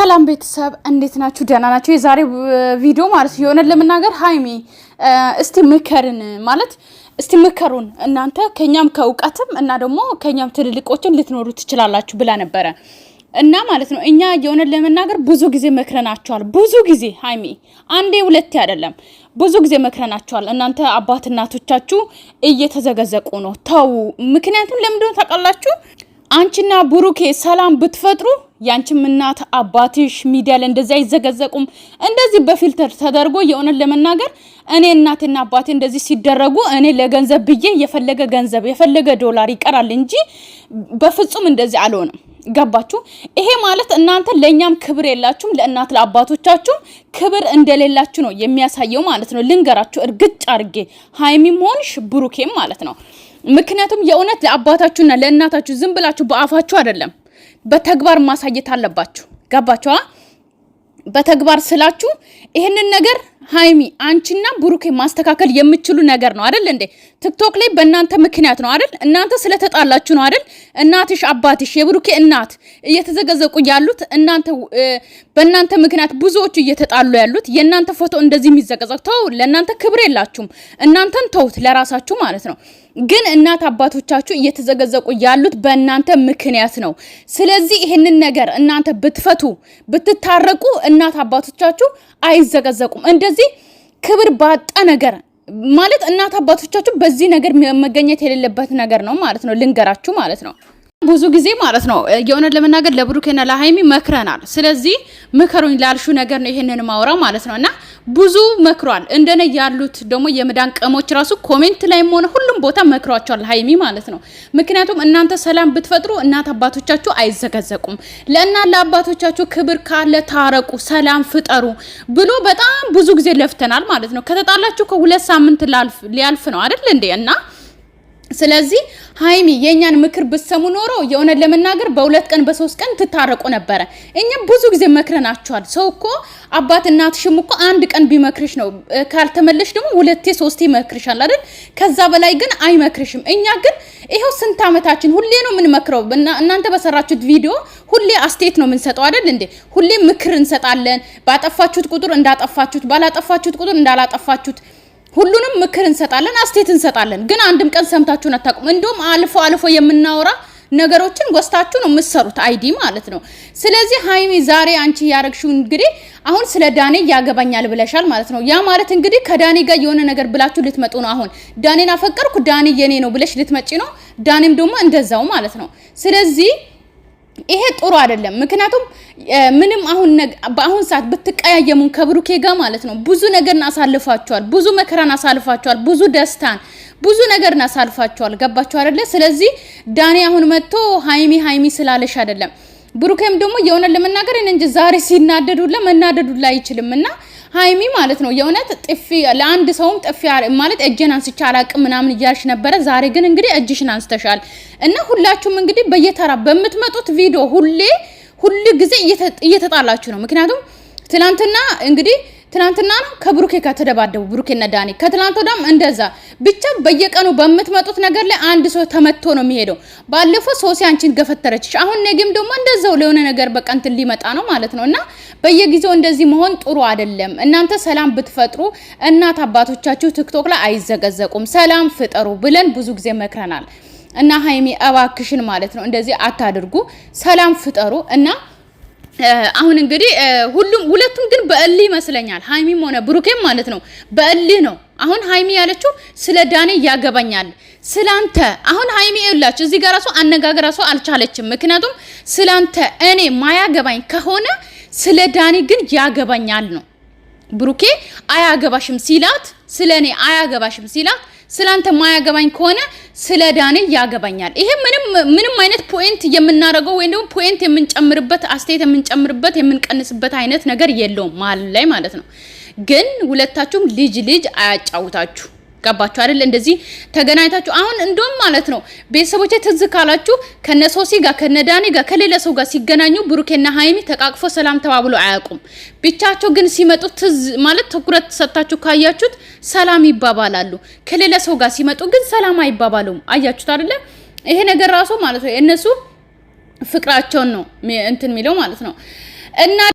ሰላም ቤተሰብ እንዴት ናችሁ? ደህና ናችሁ? የዛሬ ቪዲዮ ማለት የሆነ ለመናገር ሀይሚ እስቲ ምከርን ማለት እስቲ ምከሩን እናንተ ከኛም ከእውቀትም እና ደግሞ ከኛም ትልልቆችን ልትኖሩ ትችላላችሁ ብላ ነበረ እና ማለት ነው እኛ የሆነ ለመናገር ብዙ ጊዜ መክረናችኋል። ብዙ ጊዜ ሀይሚ አንዴ ሁለቴ አይደለም ብዙ ጊዜ መክረናችኋል። እናንተ አባት እናቶቻችሁ እየተዘገዘቁ ነው። ተዉ። ምክንያቱም ለምንድነው ታውቃላችሁ? አንቺና ብሩኬ ሰላም ብትፈጥሩ ያንቺም እናት አባትሽ ሚዲያ ላይ እንደዚህ አይዘገዘቁም። እንደዚህ በፊልተር ተደርጎ የእውነት ለመናገር እኔ እናቴና አባቴ እንደዚህ ሲደረጉ እኔ ለገንዘብ ብዬ የፈለገ ገንዘብ የፈለገ ዶላር ይቀራል እንጂ በፍጹም እንደዚህ አልሆነም ገባችሁ? ይሄ ማለት እናንተ ለእኛም ክብር የላችሁም፣ ለእናት ለአባቶቻችሁም ክብር እንደሌላችሁ ነው የሚያሳየው ማለት ነው። ልንገራችሁ እርግጭ አርጌ ሀይሚም ሆንሽ ብሩኬም ማለት ነው ምክንያቱም የእውነት ለአባታችሁና ለእናታችሁ ዝም ብላችሁ በአፋችሁ አይደለም፣ በተግባር ማሳየት አለባችሁ። ገባችኋ? በተግባር ስላችሁ ይህንን ነገር ሀይሚ አንቺና ብሩኬ ማስተካከል የምችሉ ነገር ነው አይደል እንዴ? ቲክቶክ ላይ በእናንተ ምክንያት ነው አይደል? እናንተ ስለተጣላችሁ ነው አይደል? እናትሽ አባትሽ፣ የብሩኬ እናት እየተዘገዘቁ ያሉት እናንተ በእናንተ ምክንያት ብዙዎቹ እየተጣሉ ያሉት የእናንተ ፎቶ እንደዚህ የሚዘቀዘቅ ተው። ለእናንተ ክብር የላችሁም። እናንተን ተውት፣ ለራሳችሁ ማለት ነው። ግን እናት አባቶቻችሁ እየተዘገዘቁ ያሉት በእናንተ ምክንያት ነው። ስለዚህ ይህንን ነገር እናንተ ብትፈቱ ብትታረቁ እናት አባቶቻችሁ አይዘገዘቁም እንደዚህ ስለዚህ ክብር ባጣ ነገር ማለት እናት አባቶቻችሁ በዚህ ነገር መገኘት የሌለበት ነገር ነው ማለት ነው። ልንገራችሁ ማለት ነው። ብዙ ጊዜ ማለት ነው የእውነት ለመናገር ለብሩኬና ለሀይሚ መክረናል። ስለዚህ ምከሩኝ ላልሹ ነገር ነው ይሄንን ማውራ ማለት ነው እና ብዙ መክሯል። እንደነ ያሉት ደግሞ የመዳን ቀሞች ራሱ ኮሜንት ላይም ሆነ ሁሉም ቦታ መክሯቸዋል፣ ሀይሚ ማለት ነው። ምክንያቱም እናንተ ሰላም ብትፈጥሩ እናት አባቶቻችሁ አይዘገዘቁም። ለእና ለአባቶቻችሁ ክብር ካለ ታረቁ፣ ሰላም ፍጠሩ ብሎ በጣም ብዙ ጊዜ ለፍተናል ማለት ነው። ከተጣላችሁ ከሁለት ሳምንት ሊያልፍ ነው አደል እንዴ እና ስለዚህ ሀይሚ የእኛን ምክር ብሰሙ ኖሮ የእውነት ለመናገር በሁለት ቀን በሶስት ቀን ትታረቁ ነበረ። እኛም ብዙ ጊዜ መክረናችኋል። ሰው እኮ አባት እናትሽም እኮ አንድ ቀን ቢመክርሽ ነው፣ ካልተመለሽ ደግሞ ሁለቴ ሶስቴ ይመክርሻል አይደል? ከዛ በላይ ግን አይመክርሽም። እኛ ግን ይኸው ስንት ዓመታችን ሁሌ ነው የምንመክረው። እናንተ በሰራችሁት ቪዲዮ ሁሌ አስተያየት ነው የምንሰጠው አይደል እንዴ? ሁሌ ምክር እንሰጣለን። ባጠፋችሁት ቁጥር እንዳጠፋችሁት፣ ባላጠፋችሁት ቁጥር እንዳላጠፋችሁት ሁሉንም ምክር እንሰጣለን፣ አስቴት እንሰጣለን። ግን አንድም ቀን ሰምታችሁን አታውቁም። እንዲሁም አልፎ አልፎ የምናወራ ነገሮችን ወስታችሁ ነው የምትሰሩት፣ አይዲ ማለት ነው። ስለዚህ ሀይሚ ዛሬ አንቺ ያረግሽው እንግዲህ አሁን ስለ ዳኔ ያገባኛል ብለሻል ማለት ነው። ያ ማለት እንግዲህ ከዳኔ ጋር የሆነ ነገር ብላችሁ ልትመጡ ነው። አሁን ዳኔን አፈቀርኩ ዳኔ የኔ ነው ብለሽ ልትመጪ ነው። ዳኔም ደግሞ እንደዛው ማለት ነው። ስለዚህ ይሄ ጥሩ አይደለም። ምክንያቱም ምንም አሁን በአሁን ሰዓት ብትቀያየሙን ከብሩኬ ጋር ማለት ነው ብዙ ነገርን አሳልፋችኋል፣ ብዙ መከራን አሳልፋችኋል፣ ብዙ ደስታን ብዙ ነገርን አሳልፋችኋል። ገባችሁ አይደለ? ስለዚህ ዳኒ አሁን መጥቶ ሀይሚ ሀይሚ ስላለሽ አይደለም ብሩኬም ደግሞ የሆነ ለመናገር እንጂ ዛሬ ሲናደዱላ መናደዱላ አይችልም እና ሀይሚ ማለት ነው የእውነት ጥፊ ለአንድ ሰውም ጥፊ ማለት እጄን አንስቼ አላቅም ምናምን እያልሽ ነበረ። ዛሬ ግን እንግዲህ እጅሽን አንስተሻል እና ሁላችሁም እንግዲህ በየተራ በምትመጡት ቪዲዮ ሁሌ ሁሉ ጊዜ እየተጣላችሁ ነው። ምክንያቱም ትናንትና እንግዲህ ትናንትና ነው ከብሩኬ ከተደባደቡ ብሩኬና ዳኒ። ከትናንት ወዲያም እንደዛ ብቻ በየቀኑ በምትመጡት ነገር ላይ አንድ ሰው ተመቶ ነው የሚሄደው። ባለፈው ሶሲ አንቺን ገፈተረችሽ፣ አሁን ነገም ደግሞ እንደዛው ለሆነ ነገር በቃ እንትን ሊመጣ ነው ማለት ነው። እና በየጊዜው እንደዚህ መሆን ጥሩ አይደለም። እናንተ ሰላም ብትፈጥሩ እናት አባቶቻችሁ ቲክቶክ ላይ አይዘገዘቁም። ሰላም ፍጠሩ ብለን ብዙ ጊዜ መክረናል። እና ሀይሚ እባክሽን ማለት ነው እንደዚህ አታድርጉ፣ ሰላም ፍጠሩ እና አሁን እንግዲህ ሁሉም ሁለቱም ግን በእልህ ይመስለኛል ሀይሚም ሆነ ብሩኬም ማለት ነው። በእልህ ነው አሁን ሀይሚ ያለችው ስለ ዳኔ ያገባኛል ስላንተ። አሁን ሀይሚ ይላችሁ እዚህ ጋር ራሱ አነጋገር ራሱ አልቻለችም። ምክንያቱም ስላንተ እኔ ማያገባኝ ከሆነ ስለ ዳኔ ግን ያገባኛል ነው። ብሩኬ አያገባሽም ሲላት ስለ እኔ አያገባሽም ሲላት ስላንተ ማያገባኝ ከሆነ ስለ ዳንኤል ያገባኛል። ይሄ ምንም ምንም አይነት ፖይንት የምናደርገው ወይም ደግሞ ፖይንት የምንጨምርበት አስተያየት የምንጨምርበት የምንቀንስበት አይነት ነገር የለውም መሀል ላይ ማለት ነው። ግን ሁለታችሁም ልጅ ልጅ አያጫውታችሁ። ገባችሁ አይደል? እንደዚህ ተገናኝታችሁ አሁን እንደውም ማለት ነው ቤተሰቦች ትዝ ካላችሁ ከነሶሲ ጋር ከነዳኒ ጋር ከሌላ ሰው ጋር ሲገናኙ ብሩኬና ሀይሚ ተቃቅፎ ሰላም ተባብሎ አያውቁም። ብቻቸው ግን ሲመጡ ትዝ ማለት ትኩረት ሰጥታችሁ ካያችሁት ሰላም ይባባላሉ። ከሌላ ሰው ጋር ሲመጡ ግን ሰላም አይባባሉም። አያችሁት አይደለ? ይሄ ነገር ራሱ ማለት ነው እነሱ ፍቅራቸውን ነው እንትን የሚለው ማለት ነው እና